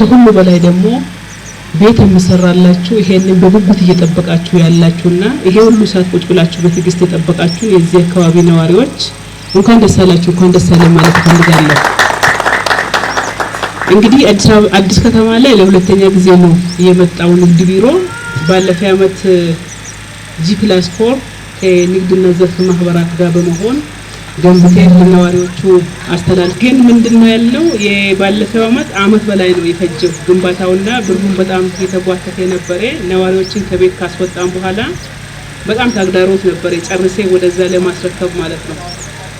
ከሁሉ በላይ ደግሞ ቤት የምሰራላችሁ ይሄንን በጉጉት እየጠበቃችሁ ያላችሁና ይሄ ሁሉ ሰዓት ቁጭ ብላችሁ በትዕግስት የጠበቃችሁ የዚህ አካባቢ ነዋሪዎች እንኳን ደስ አላችሁ፣ እንኳን ደስ አለ ማለት ፈልጋለሁ። እንግዲህ አዲስ ከተማ ላይ ለሁለተኛ ጊዜ ነው የመጣው ንግድ ቢሮ። ባለፈ ዓመት ጂ ፕላስ ፎር ከንግድና ዘርፍ ማህበራት ጋር በመሆን ደንብሴን ነዋሪዎቹ አስተዳል ግን ምንድን ነው ያለው የባለፈው ዓመት አመት በላይ ነው የፈጀው ግንባታውና ብሩን በጣም የተጓተተ የነበረ ነዋሪዎችን ከቤት ካስወጣም በኋላ በጣም ተግዳሮት ነበረ ጨርሴ ወደዛ ለማስረከብ ማለት ነው።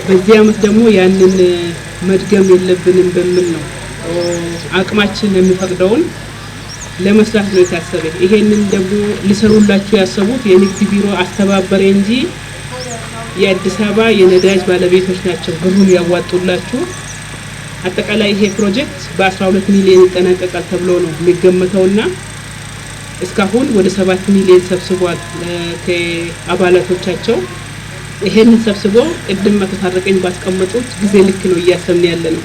በዚህ አመት ደግሞ ያንን መድገም የለብንም በሚል ነው አቅማችን የሚፈቅደውን ለመስራት ነው የታሰበ። ይሄንን ደግሞ ሊሰሩላችሁ ያሰቡት የንግድ ቢሮ አስተባበረ እንጂ የአዲስ አበባ የነዳጅ ባለቤቶች ናቸው ብሩን ያዋጡላችሁ። አጠቃላይ ይሄ ፕሮጀክት በ12 ሚሊዮን ይጠናቀቃል ተብሎ ነው የሚገመተውና እስካሁን ወደ 7 ሚሊዮን ሰብስቧል ከአባላቶቻቸው። ይሄንን ሰብስቦ ቅድም አቶ ታረቀኝ ባስቀመጡት ጊዜ ልክ ነው እያሰብን ያለ ነው።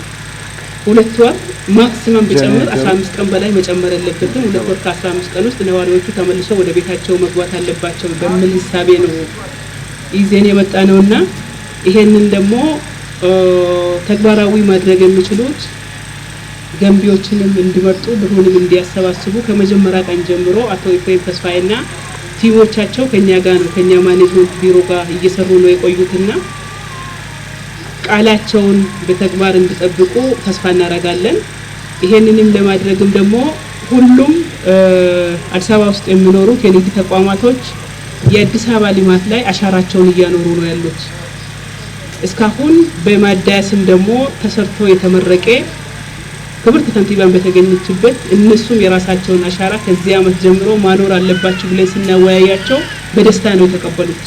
ሁለት ወር ማክሲመም ቢጨምር 15 ቀን በላይ መጨመር የለበትም። ሁለት ወር ከ15 ቀን ውስጥ ነዋሪዎቹ ተመልሶ ወደ ቤታቸው መግባት አለባቸው በሚል ሂሳቤ ነው ይዘን የመጣ ነውና ይሄንን ደግሞ ተግባራዊ ማድረግ የሚችሉት ገንቢዎችንም እንዲመርጡ ብሩንም እንዲያሰባስቡ ከመጀመሪያ ቀን ጀምሮ አቶ ኢፍሬም ተስፋዬና ቲሞቻቸው ከኛ ጋር ነው ከኛ ማኔጅመንት ቢሮ ጋር እየሰሩ ነው የቆዩትና ቃላቸውን በተግባር እንዲጠብቁ ተስፋ እናደርጋለን። ይሄንንም ለማድረግም ደግሞ ሁሉም አዲስ አበባ ውስጥ የሚኖሩት የንግድ ተቋማቶች የአዲስ አበባ ልማት ላይ አሻራቸውን እያኖሩ ነው ያሉት። እስካሁን በማዳያ ስም ደግሞ ተሰርቶ የተመረቀ ክብርት ከንቲባን በተገኘችበት እነሱም የራሳቸውን አሻራ ከዚህ ዓመት ጀምሮ ማኖር አለባቸው ብለን ስናወያያቸው በደስታ ነው የተቀበሉት።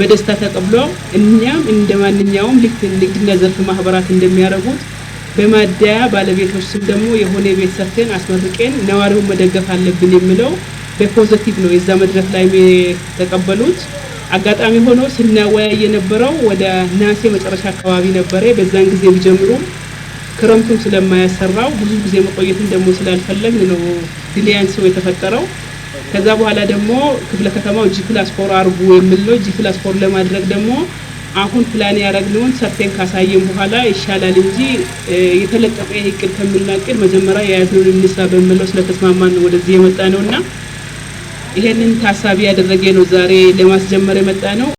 በደስታ ተቀብለው እኛም እንደ ማንኛውም ልክ ንግድና ዘርፍ ማህበራት እንደሚያደርጉት በማደያ ባለቤቶች ስም ደግሞ የሆነ ቤት ሰርተን አስመርቀን ነዋሪውን መደገፍ አለብን የሚለው በፖዘቲቭ ነው የዛ መድረክ ላይ የተቀበሉት። አጋጣሚ ሆኖ ስናወያይ የነበረው ወደ ናሴ መጨረሻ አካባቢ ነበረ። በዛን ጊዜ ቢጀምሩ ክረምቱም ስለማያሰራው ብዙ ጊዜ መቆየትን ደግሞ ስላልፈለግን ነው ዲሊያንስ የተፈጠረው። ከዛ በኋላ ደግሞ ክፍለ ከተማው ጂ ፕላስ ፎር አርጉ የሚል ነው። ጂ ፕላስ ፎር ለማድረግ ደግሞ አሁን ፕላን ያደረግነውን ሰርተን ካሳየን በኋላ ይሻላል እንጂ የተለቀቀ እቅድ ከምናቅድ መጀመሪያ የያዝነውን እንስራ በሚለው ስለተስማማን ነው ወደዚህ የመጣ ነውና ይሄንን ታሳቢ ያደረገ ነው ዛሬ ለማስጀመር የመጣ ነው።